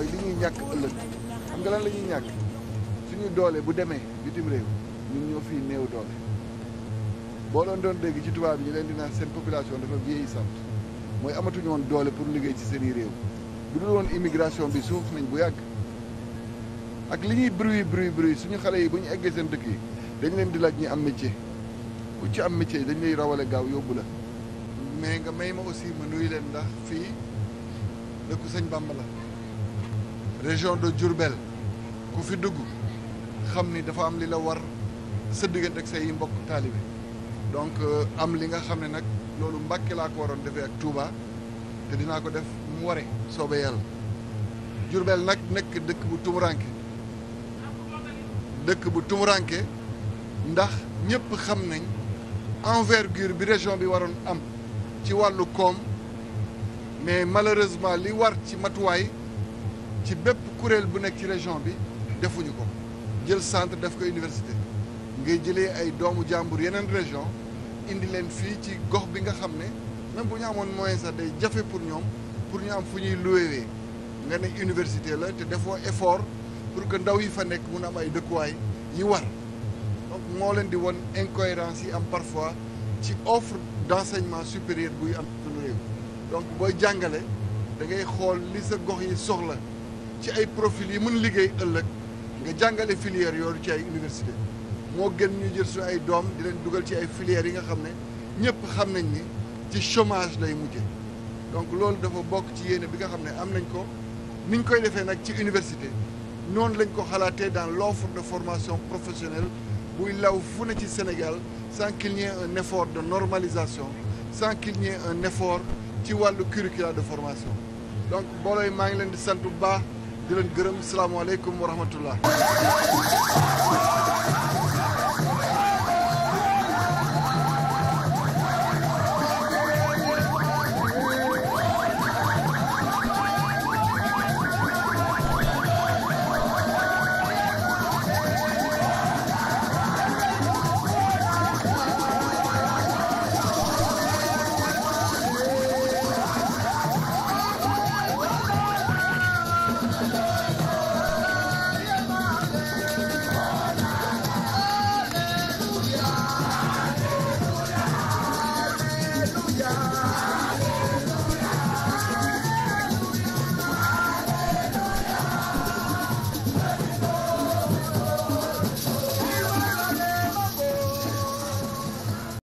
mooy li ñuy ñàkk ëllëg xam nga lan la ñuy ñàkk suñu doole bu demee bitim réew ñun ñoo fii néew doole boo doon doon dégg ci tubaab yi ñu leen di naan seen population dafa vieillissante mooy amatuñu woon doole pour liggéey ci seen i réew bu dul woon immigration bi suuf nañ bu yàgg ak li ñuy bruit bruit bruit suñu xale yi bu ñu eggee seen dëkk yi dañ leen di laaj ñi am métier ku ci am métier dañ lay rawale gaaw yóbbu la mais nga may ma aussi ma nuyu leen ndax fii dëkku sëñ Bàmba région de Diourbel ku fi dugg xam ni dafa am li la war sa diggante ak say mbokk taalibe donc euh, am li nga xam ne nag loolu Mbàkke laa ko waroon defee ak Touba te dinaa ko def mu ware soobee yàlla Diourbel nag nekk dëkk bu tumuranke dëkk bu tumuranke ndax ñëpp xam nañ envergure bi région bi waroon am ci wàllu koom mais malheureusement li war ci matuwaay ci bépp kuréel bu nekk ci région bi defuñu ko jël centre def ko université ngay jëlee ay doomu jàmbur yeneen région indi leen fii ci gox bi nga xam ne même bu ñu amoon moyen sax day jafe pour ñoom pour ñu am fu ñuy luwewee nga ne université la te defoo efort pour que ndaw yi fa nekk mun am ay dëkkuwaay yi war donc moo leen di won incohérence yi am parfois ci offre d'enseignement supérieur buy am suñu réew donc booy jàngale da ngay xool li sa gox yi soxla ci ay profil yi mën liggéey ëllëg nga jàngale filière yooyu ci ay université moo gën ñu jël suñu ay doom di leen dugal ci ay filières yi nga xam ne ñëpp xam nañ ni ci chomage lay mujje donc loolu dafa bokk ci yéene bi nga xam ne am nañ ko ni koy defee nag ci université noonu lañ ko xalaatee dans l'offre de formation professionnelle buy law fu ne ci Sénégal san qu'il n'y ait de normalisation san qu'il n'y ait un effort ci wàllu curricula de formation ngi leen di sant di leen gërëm salaamaaleykum wa rahmatullah